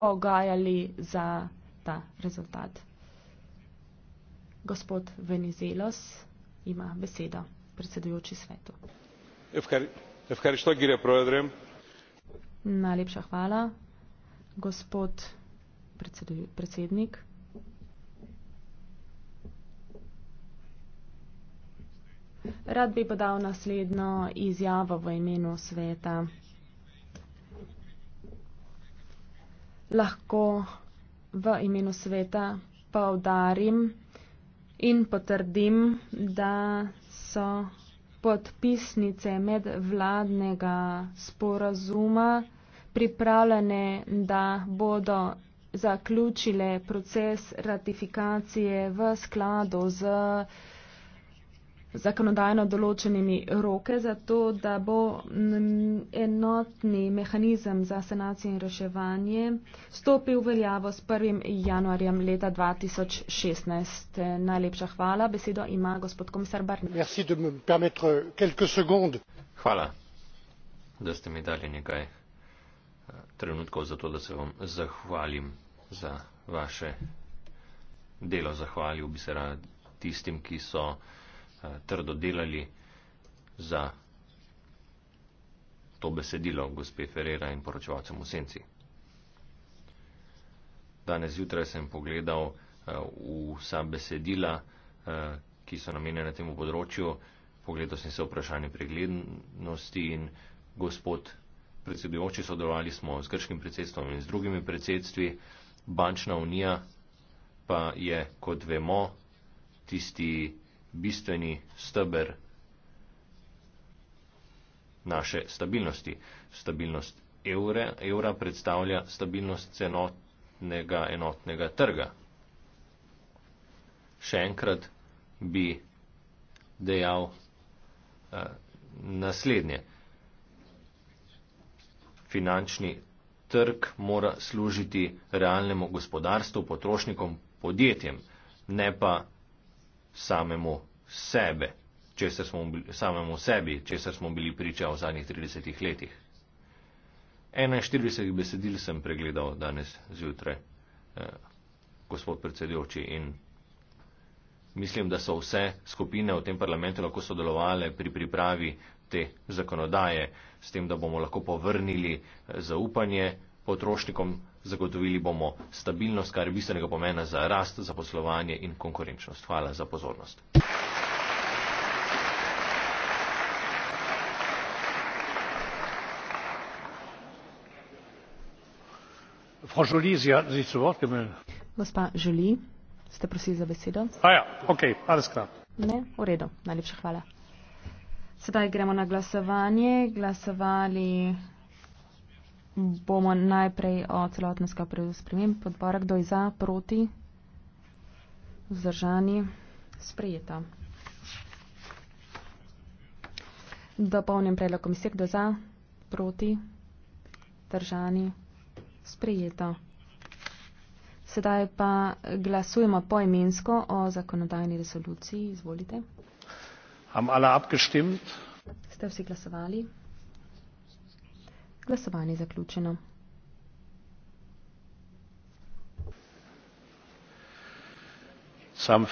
ogajali za ta rezultat. Gospod Venizelos ima besedo, predsedujoči svetu. Najlepša hvala, gospod predsednik. Rad bi podal naslednjo izjavo v imenu sveta. lahko v imenu sveta povdarim in potrdim, da so podpisnice medvladnega sporazuma pripravljene, da bodo zaključile proces ratifikacije v skladu z zakonodajno določenimi roke za to, da bo enotni mehanizem za sanacijo in reševanje stopil v veljavo s 1. januarjem leta 2016. Najlepša hvala. Besedo ima gospod komisar Barnard. Hvala, da ste mi dali nekaj eh, trenutkov za to, da se vam zahvalim za vaše delo. Zahvalil bi se rad tistim, ki so Eh, trdo delali za to besedilo gospe Ferreira in poročevalcem v senci. Danes zjutraj sem pogledal eh, vsa besedila, eh, ki so namenjena temu področju, pogledal sem se vprašanje preglednosti in gospod predsedujoči sodelovali smo z grškim predsedstvom in z drugimi predsedstvi, bančna unija pa je, kot vemo, tisti bistveni steber naše stabilnosti. Stabilnost evre, evra predstavlja stabilnost cenotnega enotnega trga. Še enkrat bi dejal eh, naslednje. Finančni trg mora služiti realnemu gospodarstvu, potrošnikom, podjetjem, ne pa samemu sebe, česar smo, samemu sebi, česar smo bili priča v zadnjih 30 letih. 41 besedil sem pregledal danes zjutraj, eh, gospod predsedujoči, in mislim, da so vse skupine v tem parlamentu lahko sodelovali pri pripravi te zakonodaje, s tem, da bomo lahko povrnili eh, zaupanje potrošnikom zagotovili bomo stabilnost, kar je bistvenega pomena za rast, za poslovanje in konkurenčnost. Hvala za pozornost. Gospa Žuli, ste prosili za besedo? Aja, ah ok, alles klar. Ne, v redu, najlepša hvala. Sedaj gremo na glasovanje. Glasovali bomo najprej o celotnem skupaju spremem podbora, kdo je za, proti, vzdržani, sprejeta. Dopolnjen predlog komisije, kdo je za, proti, držani, sprejeta. Sedaj pa glasujemo poimensko o zakonodajni resoluciji. Izvolite. Ste vsi glasovali? Glasovanje zaključeno. Sam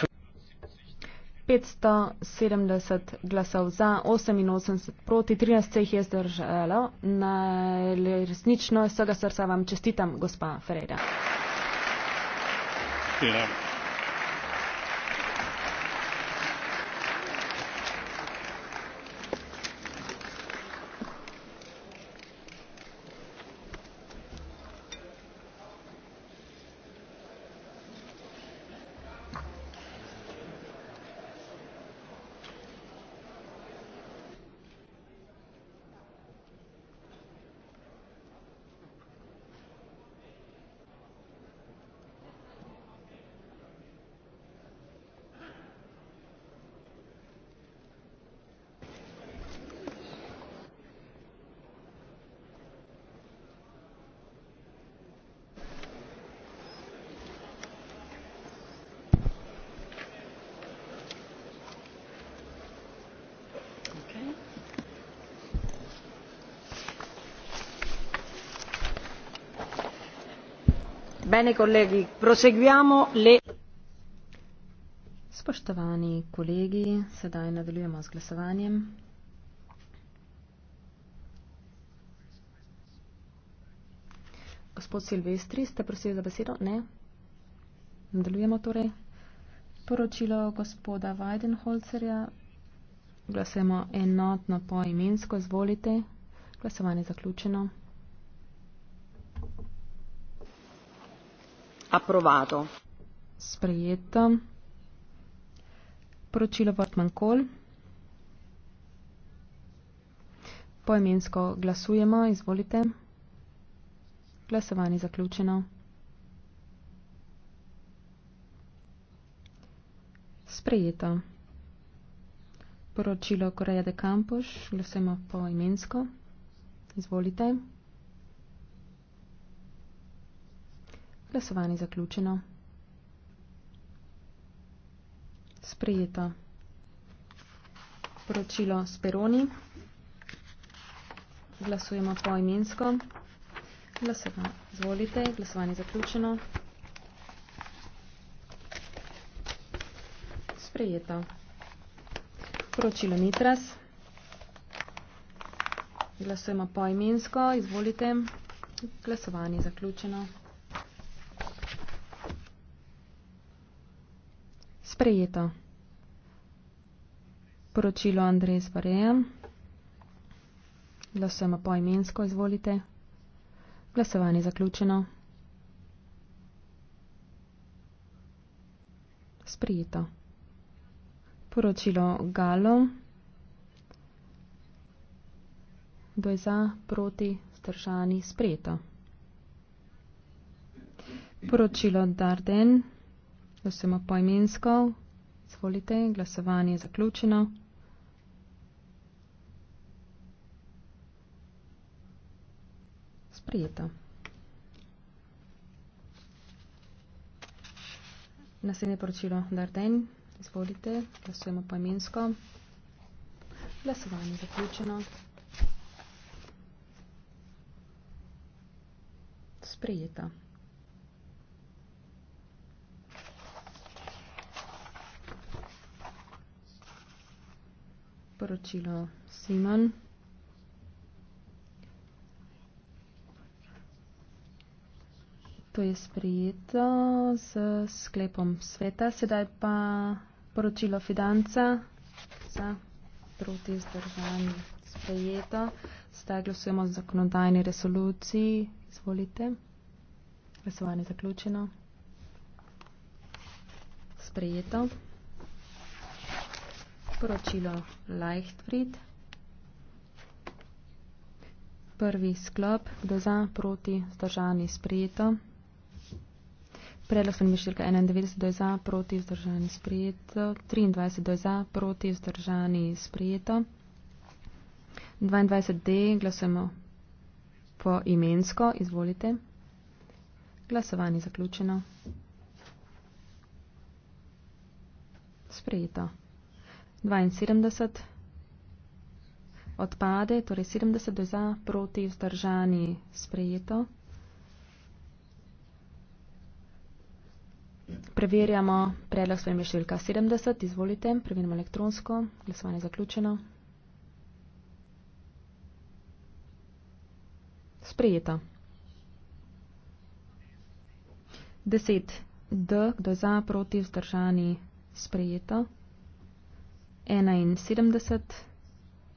570 glasov za, 88 proti, 13 se jih je zdržalo. Na resnično iz vsega srca vam čestitam, gospa Ferreira. Yeah. Ja. spoštovani kolegi sedaj nadaljujemo z glasovanjem gospod silvestri ste prosili za besedo ne nadaljujemo torej poročilo gospoda weidenholzerja glasujemo enotno poimensko izvolite glasovanje zaključeno approvato. Sprejeto. Poročilo Portman Call. Poimensko glasujemo, izvolite. Glasovanje zaključeno. Sprejeto. Poročilo Koreja de Campoš, glasujemo poimensko. Izvolite. Glasovanje zaključeno. Sprejeto. Poročilo Speroni. Glasujemo poimensko. Glasovanje. Zvolite. Glasovanje zaključeno. Sprejeto. Poročilo Nitras. Glasujemo poimensko. Izvolite. Glasovanje zaključeno. Sprejeto. Poročilo Andres Varejem. Glasujemo poimensko, izvolite. Glasovanje zaključeno. Sprijeto. Poročilo Galo. Kdo je za, proti, stržani, sprijeto. Poročilo Darden. Glasujemo poimensko. Zvolite, glasovanje je zaključeno. Sprijeto. Naslednje poročilo Darden. Izvolite, glasujemo poimensko. Glasovanje je zaključeno. Sprijeto. poročilo Simon. To je sprijeto z sklepom sveta, sedaj pa poročilo Fidanca za proti zdržanju sprijeto. Sedaj glasujemo o zakonodajni resoluciji. Izvolite. Glasovanje zaključeno. Sprijeto poročilo Leichtfried. Prvi sklop, kdo za, proti, zdržani, sprejeto. Predlog sem mišljika 91, kdo je za, proti, zdržani, sprejeto. 23, kdo je za, proti, zdržani, sprejeto. 22D, glasujemo po imensko, izvolite. Glasovanje zaključeno. Sprejeto. 72. Odpade, torej 70 za, proti vzdržani sprejeto. Preverjamo predlog svojega številka 70. Izvolite, preverimo elektronsko. Glasovanje je zaključeno. Sprejeto. 10. D, kdo je za, proti vzdržani sprejeto. 71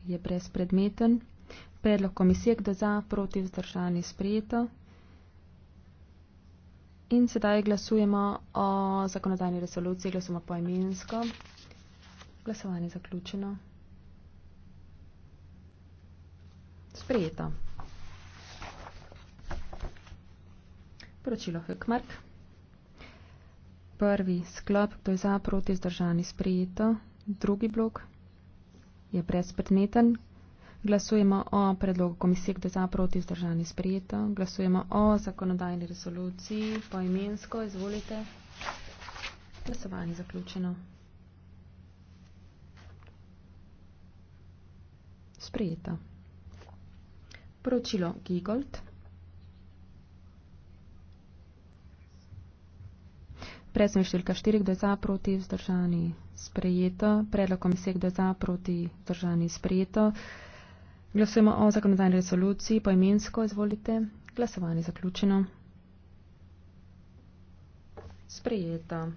je brezpredmeten. Predlog komisije, kdo za, proti vzdržani sprejeto. In sedaj glasujemo o zakonodajni resoluciji, glasujemo poimensko. Glasovanje zaključeno. Sprejeto. Poročilo Hökmark. Prvi sklop, kdo je za, proti vzdržani sprejeto drugi blok je brezpredmeten. Glasujemo o predlogu komisije, kdo za proti vzdržani sprejeto. Glasujemo o zakonodajni rezoluciji po imensko. Izvolite. Glasovanje zaključeno. Sprejeto. Poročilo Gigold. Predstavnik številka 4, kdo je za proti vzdržani sprejeto sprejeto. Predlog komisije kdo za proti državni sprejeto. Glasujemo o zakonodajni resoluciji. Poimensko izvolite. Glasovanje zaključeno. Sprejeto.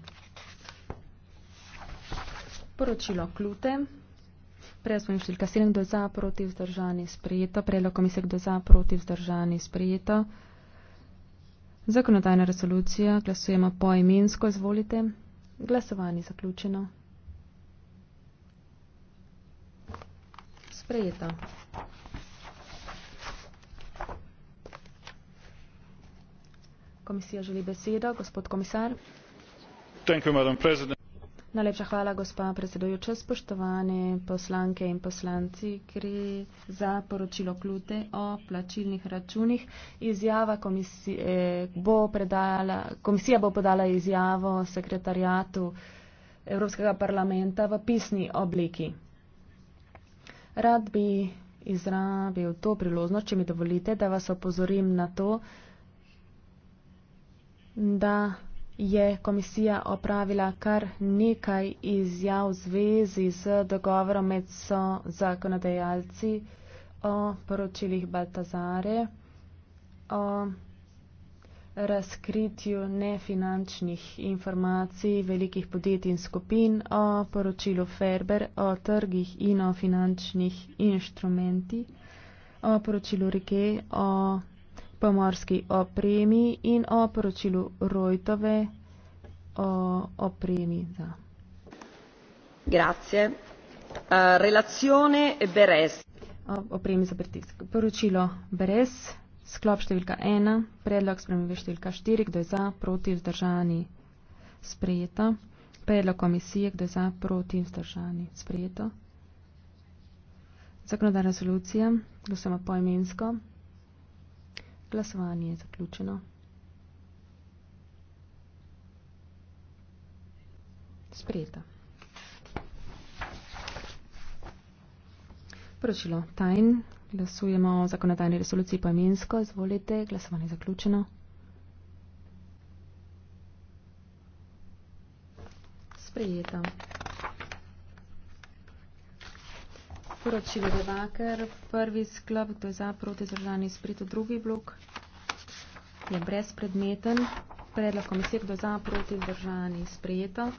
Poročilo klute. Predstavljam številka 7 do za proti vzdržani sprejeto. Predlog komisije kdo za proti vzdržani sprejeto. Zakonodajna resolucija. Glasujemo poimensko. Izvolite. Glasovanje zaključeno. sprejeta. Komisija želi besedo, gospod komisar. Thank you, madam president. Najlepša hvala, gospa predsedujoča, spoštovane poslanke in poslanci, gre za poročilo klute o plačilnih računih. Izjava komisije bo predala, komisija bo podala izjavo sekretarjatu Evropskega parlamenta v pisni obliki. Rad bi izrabil to priložnost, če mi dovolite, da vas opozorim na to, da je komisija opravila kar nekaj izjav v zvezi z dogovorom med so zakonodajalci o poročilih Baltazare, o razkritju nefinančnih informacij velikih podjetij in skupin, o poročilu Ferber o trgih in o finančnih inštrumentih, o poročilu Rike o pomorski opremi in o poročilu Rojtove o opremi. Da. Grazie. Uh, relazione Beres. O, opremi za pritisk. Poročilo Beres. Sklop številka 1, predlog spremembe številka 4, kdo je za, proti, vzdržani, sprejeto. Predlog komisije, kdo je za, proti, vzdržani, sprejeto. Zakonodajna rezolucija, glasujemo poimensko. Glasovanje je zaključeno. Sprejeto. Poročilo tajn. Glasujemo o zakonodajni resoluciji poemensko. Izvolite, glasovanje je zaključeno. Sprejeta. Poročilo Devaker, prvi sklop, to je za proti zdržani sprito, drugi blok je brezpredmeten. Predlog komisije, kdo za proti zdržani sprejeta.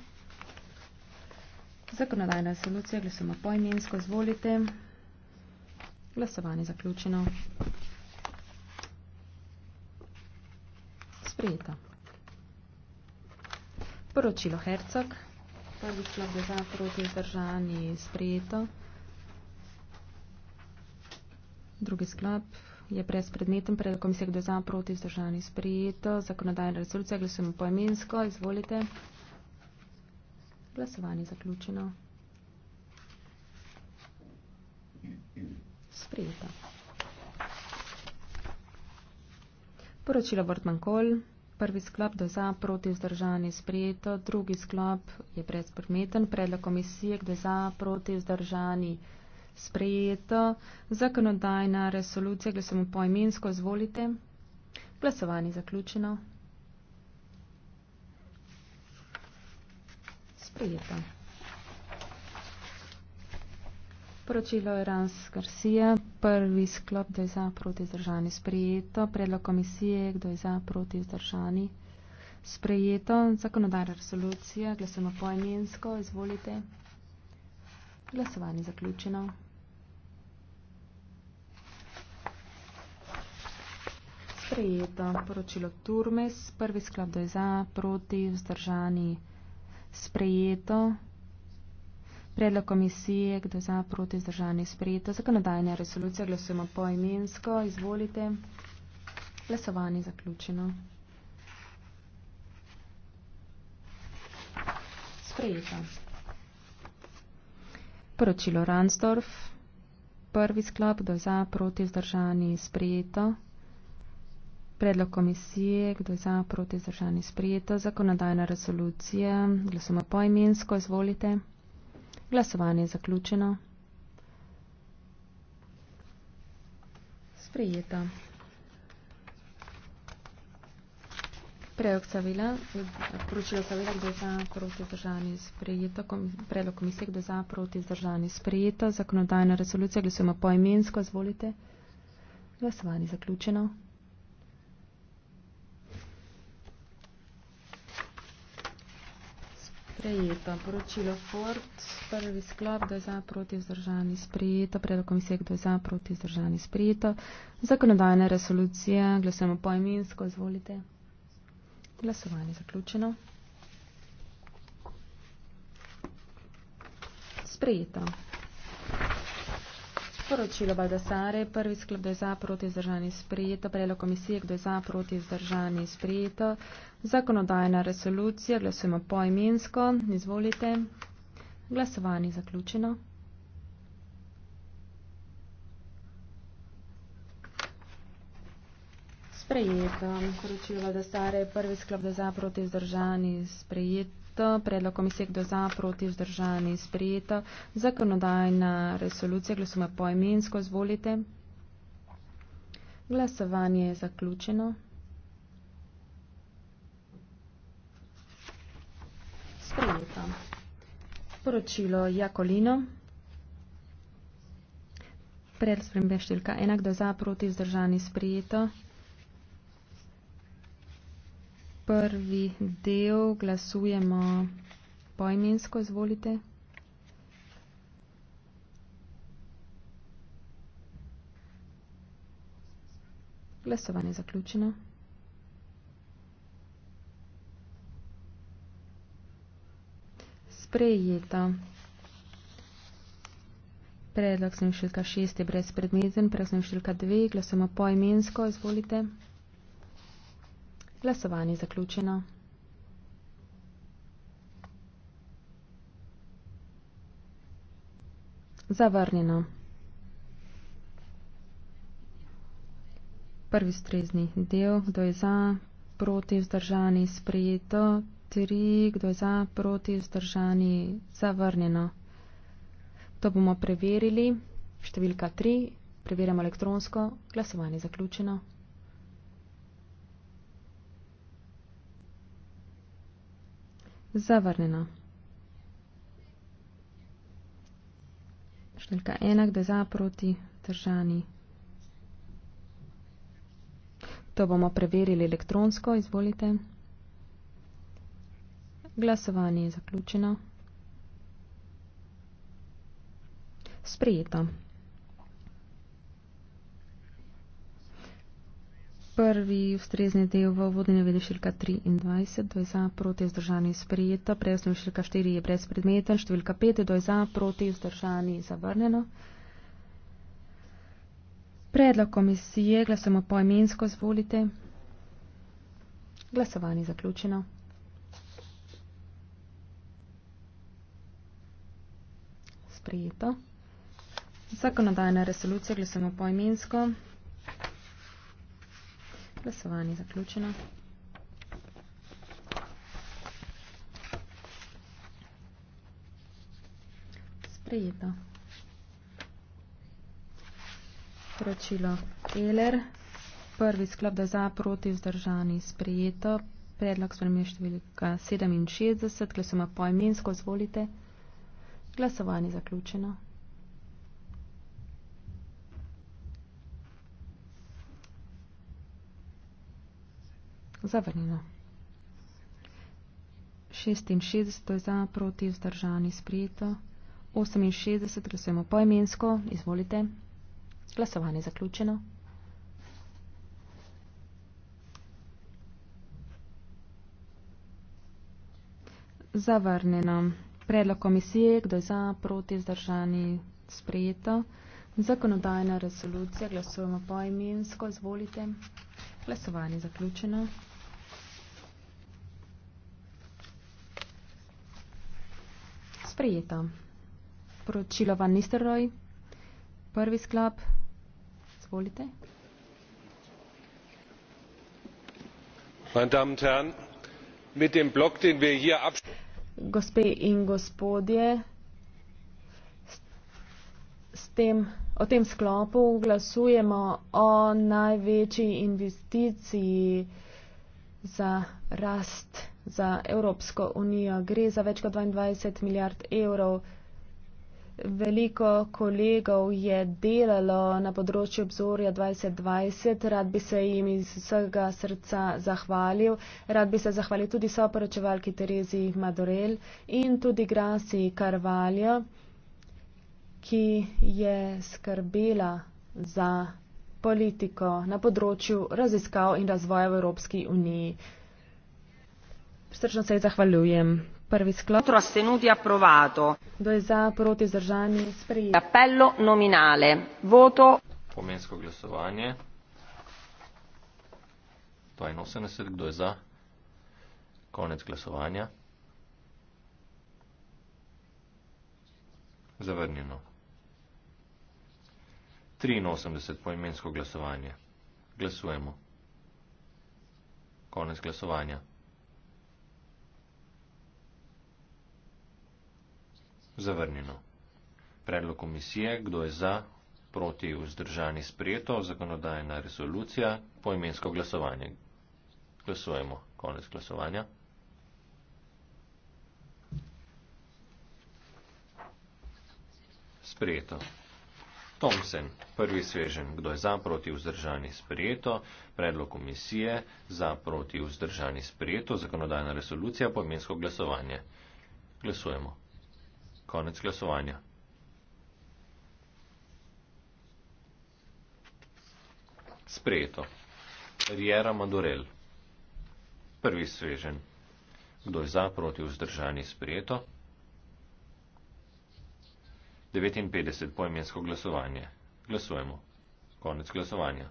Zakonodajna resolucija, glasujemo poimensko, zvolite. Glasovanje zaključeno. Sprejeta. Poročilo Hercog. Prvi šlo bi za proti vzdržani sprejeto. Drugi sklop je brez predmetem predlog komisije, kdo za proti vzdržani sprejeto. Zakonodajna resolucija glasujemo poimensko. Izvolite. Glasovanje zaključeno. sprejeta. Poročilo Vrtmankol, prvi sklop do za, proti vzdržani sprejeto, drugi sklop je predspredmeten, predlog komisije, kde za, proti vzdržani sprejeto, zakonodajna resolucija, glasujemo po imensko, izvolite. Glasovanje zaključeno. Sprejeto. Poročilo Erans Garcia, prvi sklop, kdo je za proti zdržani sprejeto, predlog komisije, kdo je za proti zdržani sprejeto, zakonodajna resolucija, glasujemo poemensko, izvolite. Glasovanje zaključeno. Sprejeto poročilo Turmes, prvi sklop, kdo je za proti vzdržani sprejeto. Predlog komisije, kdo za proti zdržanje sprejeta zakonodajna resolucija, glasujemo poimensko. Izvolite. Glasovanje zaključeno. Sprejeta. Poročilo Ransdorf. Prvi sklop, kdo za proti zdržanje sprejeta. Predlog komisije, kdo za proti zdržanje sprejeta zakonodajna resolucija, glasujemo poimensko. Izvolite. Glasovanje zaključeno. Sprejeta. Predlog savila, poročilo savila, kdo je za proti zdržani sprejeto, komis, predlog komisije, kdo je za proti zdržani sprejeto, zakonodajna resolucija, glasujemo po imensko, izvolite. Glasovanje zaključeno. sprejeto. Poročilo Ford, prvi sklop, kdo je za, proti vzdržani, sprejeto. Predlog komisije, kdo je za, proti vzdržani, sprejeto. Zakonodajna resolucija, glasujemo poimensko, izvolite. Glasovanje zaključeno. Sprejeto. Poročilo Baldasare, prvi sklep, kdo je za, proti, zdržani, sprejeto, prelo komisije, kdo je za, proti, zdržani, sprejeto, zakonodajna resolucija, glasujemo poimensko, izvolite, glasovanje zaključeno. Sprejet. Koročilo Valdesare je prvi sklop doza proti vzdržani sprejet. Predlog komisije doza proti vzdržani sprejet. Zakonodajna resolucija glasuje poimensko. Zvolite. Glasovanje je zaključeno. Sprejeta. Poročilo Jakolino. Predlog spremembe številka enak doza proti vzdržani sprejeto prvi del glasujemo poimensko, izvolite. Glasovanje je zaključeno. Sprejeta. Predlog sem šilka 6 je brezpredmeten, predlog sem šilka 2, glasujemo poimensko, izvolite. Glasovanje zaključeno. Zavrnjeno. Prvi strezni del, kdo je za, proti vzdržani, sprejeto, tri, kdo je za, proti vzdržani, zavrnjeno. To bomo preverili, številka tri, preverjamo elektronsko, glasovanje zaključeno. zavrnjena. Številka enak, da za proti držani. To bomo preverili elektronsko, izvolite. Glasovanje je zaključeno. Sprijeto. Prvi ustrezni del v vodenju vede številka 23, to je za, proti, vzdržani, sprejeta. Prejasno je številka 4, je brezpredmeten, številka 5, to je za, proti, vzdržani, zavrnjeno. Predlog komisije, glasujemo poimensko, zvolite. Glasovanje zaključeno. Sprejeto. Zakonodajna resolucija, glasujemo poimensko. Glasovanje zaključeno. Sprejeto. Poročilo Eler. Prvi sklop, da za proti vzdržani sprejeto. Predlog spremenje številka 67. Glasoma pojmensko. Zvolite. Glasovanje zaključeno. Zavrnjeno. 66 je za, proti, vzdržani, sprijeto. 68 glasujemo poimensko, izvolite. Glasovanje je zaključeno. Zavrnjeno. Predlog komisije, kdo je za, proti, vzdržani, sprijeto. Zakonodajna resolucija, glasujemo poimensko, izvolite. Glasovanje je zaključeno. sprejeta. Poročilo Van Nisterroj, prvi sklop, zvolite. Gospe in gospodje, s tem, o tem sklopu glasujemo o največji investiciji za rast za Evropsko unijo. Gre za več kot 22 milijard evrov. Veliko kolegov je delalo na področju obzorja 2020, rad bi se jim iz vsega srca zahvalil, rad bi se zahvalil tudi soporočevalki Terezi Madurel in tudi Grasi Karvaljo, ki je skrbela za politiko na področju raziskav in razvoja v Evropski uniji. Srčno se ji zahvaljujem. Prvi sklop. Astenuti approvato. Kdo je za, proti, zdržani, sprijeti? Appello nominale. Voto. Pomensko glasovanje. 82, kdo je za? Konec glasovanja. Zavrnjeno. 83 poimensko glasovanje. Glasujemo. Konec glasovanja. Zavrnjeno. Predlog komisije, kdo je za, proti, vzdržani, sprejeto, zakonodajna resolucija, poimensko glasovanje. Glasujemo. Konec glasovanja. Sprejeto. Tomsen, prvi svežen, kdo je za, proti, vzdržani, sprejeto, predlog komisije, za, proti, vzdržani, sprejeto, zakonodajna resolucija, poimensko glasovanje. Glasujemo. Konec glasovanja. Sprejeto. Riera Madurel. Prvi svežen. Kdo je za proti vzdržani sprejeto? 59. Pojmensko glasovanje. Glasujemo. Konec glasovanja.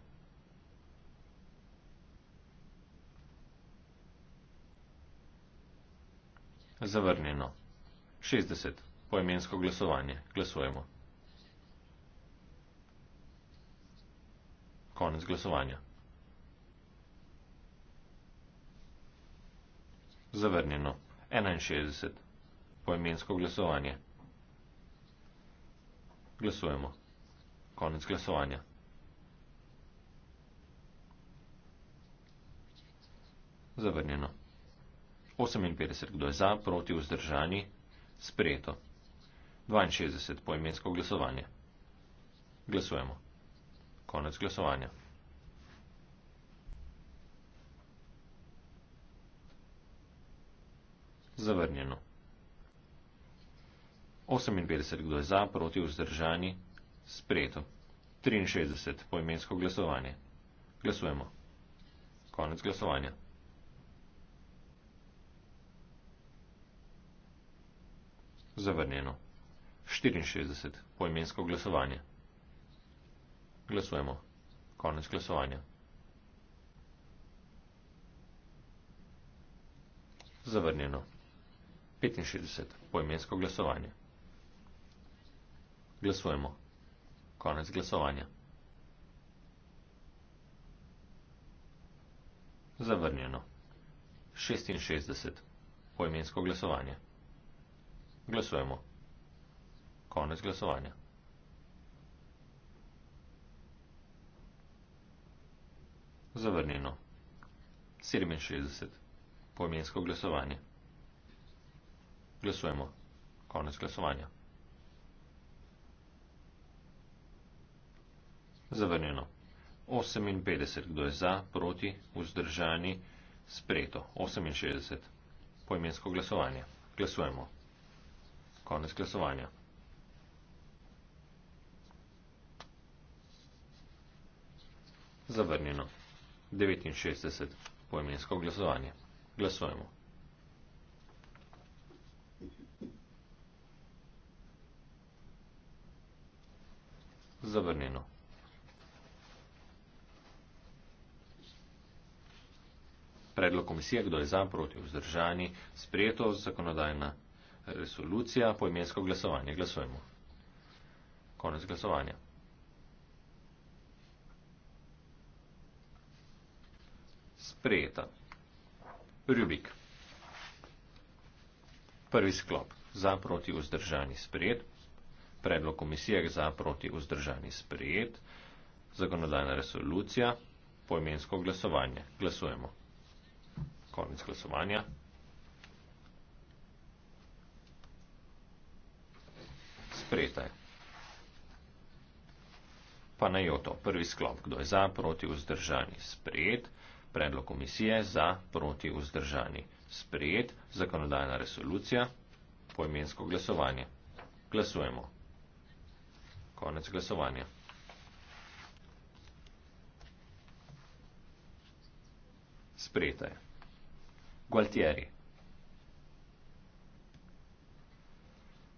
Zavrnjeno. 60 poimensko glasovanje. Glasujemo. Konec glasovanja. Zavrnjeno. 61. Poimensko glasovanje. Glasujemo. Konec glasovanja. Zavrnjeno. 58. Kdo je za, proti, vzdržani? Sprejeto. 62 poimensko glasovanje. Glasujemo. Konec glasovanja. Zavrnjeno. 58 kdo je za, proti vzdržani, spreto. 63 poimensko glasovanje. Glasujemo. Konec glasovanja. Zavrnjeno. 64. Poimensko glasovanje. Glasujemo. Konec glasovanja. Zavrnjeno. 65. Poimensko glasovanje. Glasujemo. Konec glasovanja. Zavrnjeno. 66. Poimensko glasovanje. Glasujemo. Konec glasovanja. Zavrnjeno. 67. Poimensko glasovanje. Glasujemo. Konec glasovanja. Zavrnjeno. 58. Kdo je za, proti, vzdržani, spreto. 68. Poimensko glasovanje. Glasujemo. Konec glasovanja. zavrnjeno. 69. Poimensko glasovanje. Glasujemo. Zavrnjeno. Predlog komisije, kdo je za, proti vzdržani, sprejeto zakonodajna resolucija, poimensko glasovanje. Glasujemo. Konec glasovanja. prijeta. Rubik. Prvi sklop. Za proti vzdržani sprijet. Predlog komisije za proti vzdržani sprijet. Zakonodajna resolucija. Poimensko glasovanje. Glasujemo. Konec glasovanja. Sprejetaj. Pa naj jo to. Prvi sklop. Kdo je za, proti, vzdržani, sprejet predlog komisije za proti vzdržani. Sprejet zakonodajna resolucija, poimensko glasovanje. Glasujemo. Konec glasovanja. Sprejeta je. Gualtieri.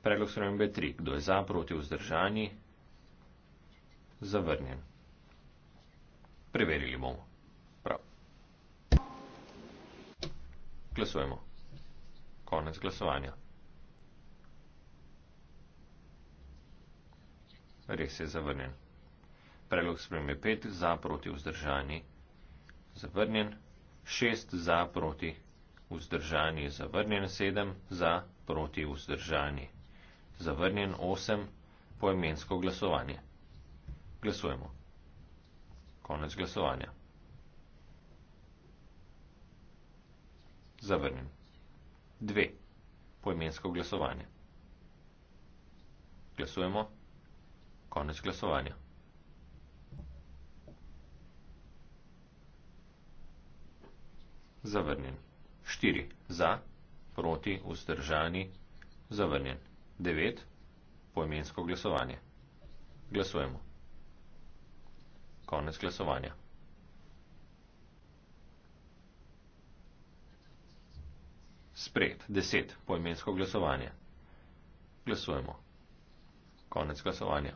Predlog spremembe 3. Kdo je za proti vzdržani? Zavrnjen. Preverili bomo. Glasujemo. Konec glasovanja. Res je zavrnjen. Predlog sprejme 5 za proti vzdržani. Zavrnjen. 6 za proti vzdržani. Zavrnjen. 7 za proti vzdržani. Zavrnjen. 8 poemensko glasovanje. Glasujemo. Konec glasovanja. zavrnjen. 2. Poimensko glasovanje. Glasujemo. Konec glasovanja. Zavrnjen. 4. Za, proti, vzdržani. Zavrnjen. 9. Poimensko glasovanje. Glasujemo. Konec glasovanja. sprejet, deset poimensko glasovanje. Glasujemo. Konec glasovanja.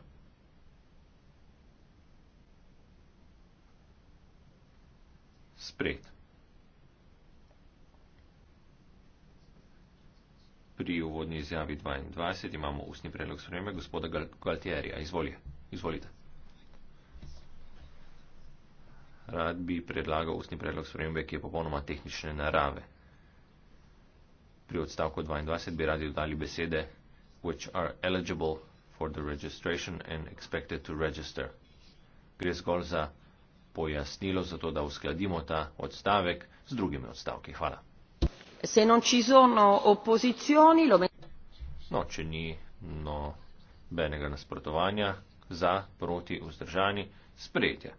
Sprejet. Pri uvodni izjavi 22 imamo ustni predlog sprejeme gospoda Galtierija. Izvolite. Izvolite. Rad bi predlagal ustni predlog spremembe, ki je popolnoma tehnične narave pri odstavku 22 bi radi dodali besede, which are eligible for the registration and expected to register. Gre zgolj za pojasnilo, zato da uskladimo ta odstavek z drugimi odstavki. Hvala. Se non ci sono opposizioni, lo No, če ni no, benega nasprotovanja za, proti, vzdržani, sprejetje.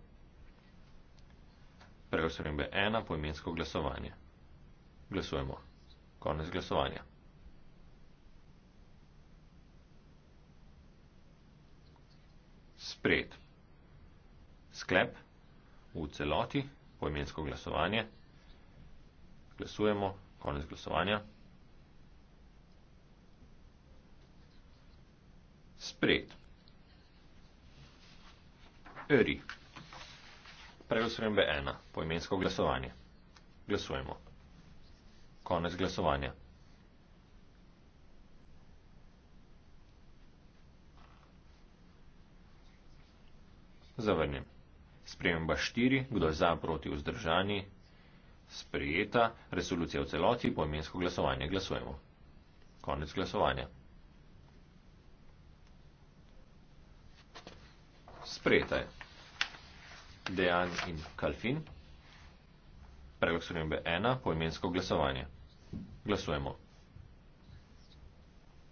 Prvo sprejembe ena, poimensko glasovanje. Glasujemo. Konec glasovanja. Spred. Sklep v celoti, poimensko glasovanje. Glasujemo. Konec glasovanja. Spred. Öri. Prevzrembe 1. Poimensko glasovanje. Glasujemo. Konec glasovanja. Zavrnjen. Sprememba 4. Kdo je za proti vzdržani? Sprejeta. Resolucija v celoti. Poimensko glasovanje. Glasujemo. Konec glasovanja. Sprejeta je. Dejan in Kalfin. Predlog spremembe 1. Poimensko glasovanje. Glasujemo.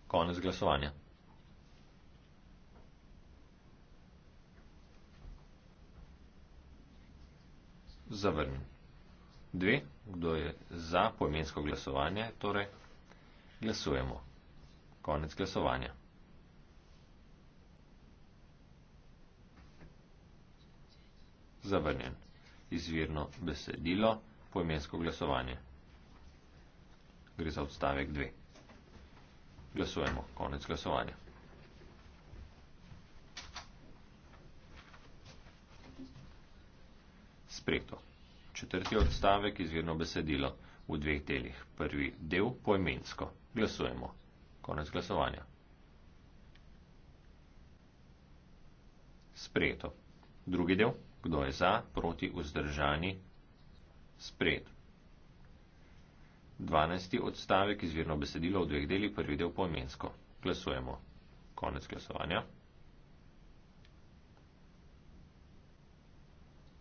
Konec glasovanja. Zavrnjen. Dve, kdo je za poimensko glasovanje, torej glasujemo. Konec glasovanja. Zavrnjen. Izvirno besedilo poimensko glasovanje gre za odstavek 2. Glasujemo. Konec glasovanja. Sprejeto. Četrti odstavek izvirno besedilo v dveh delih. Prvi del poimensko. Glasujemo. Konec glasovanja. Sprejeto. Drugi del. Kdo je za, proti, vzdržani? Sprejeto. 12. odstavek izvirno besedilo v dveh delih, prvi del poimensko. Glasujemo. Konec glasovanja.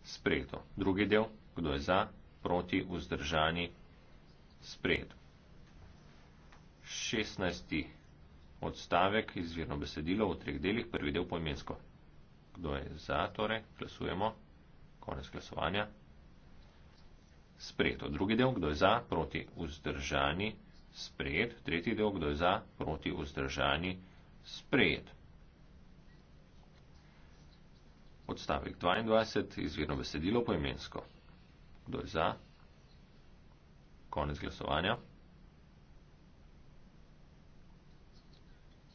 Sprejeto. Drugi del. Kdo je za? Proti vzdržani. Sprejeto. 16. odstavek izvirno besedilo v treh delih, prvi del poimensko. Kdo je za? Torej, glasujemo. Konec glasovanja sprejeto. Drugi del, kdo je za, proti, vzdržani, sprejet. Tretji del, kdo je za, proti, vzdržani, sprejet. Odstavek 22, izvirno besedilo poimensko. Kdo je za? Konec glasovanja.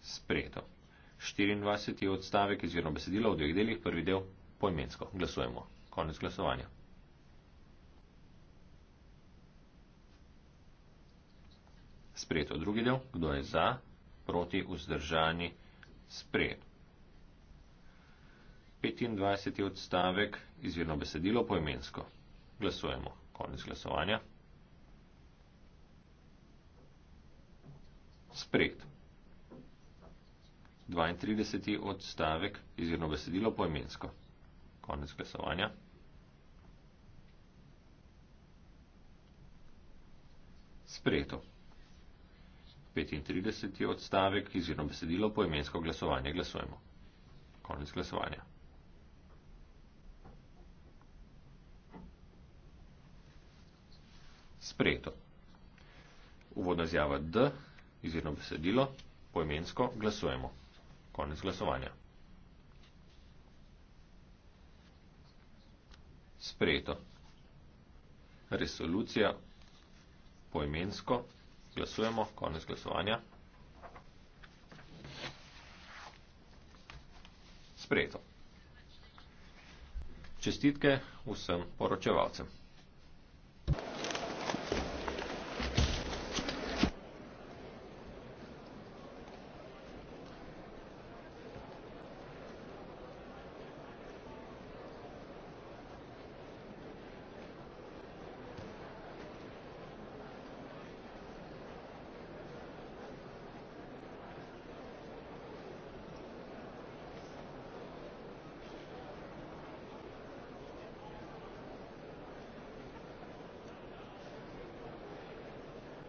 Sprejeto. 24. odstavek izvirno besedilo v dveh delih, prvi del poimensko. Glasujemo. Konec glasovanja. sprejeto. Drugi del, kdo je za, proti, vzdržani, sprejet. 25. odstavek, izvirno besedilo poimensko. Glasujemo. Konec glasovanja. Sprejet. 32. odstavek, izvirno besedilo poimensko. Konec glasovanja. Sprejeto. 35. odstavek izvirno besedilo poimensko glasovanje glasujemo. Konec glasovanja. Sprejeto. Uvodna zjava D, izvirno besedilo, poimensko glasujemo. Konec glasovanja. Sprejeto. Resolucija, poimensko glasujemo. Glasujemo, konec glasovanja. Sprejeto. Čestitke vsem poročevalcem.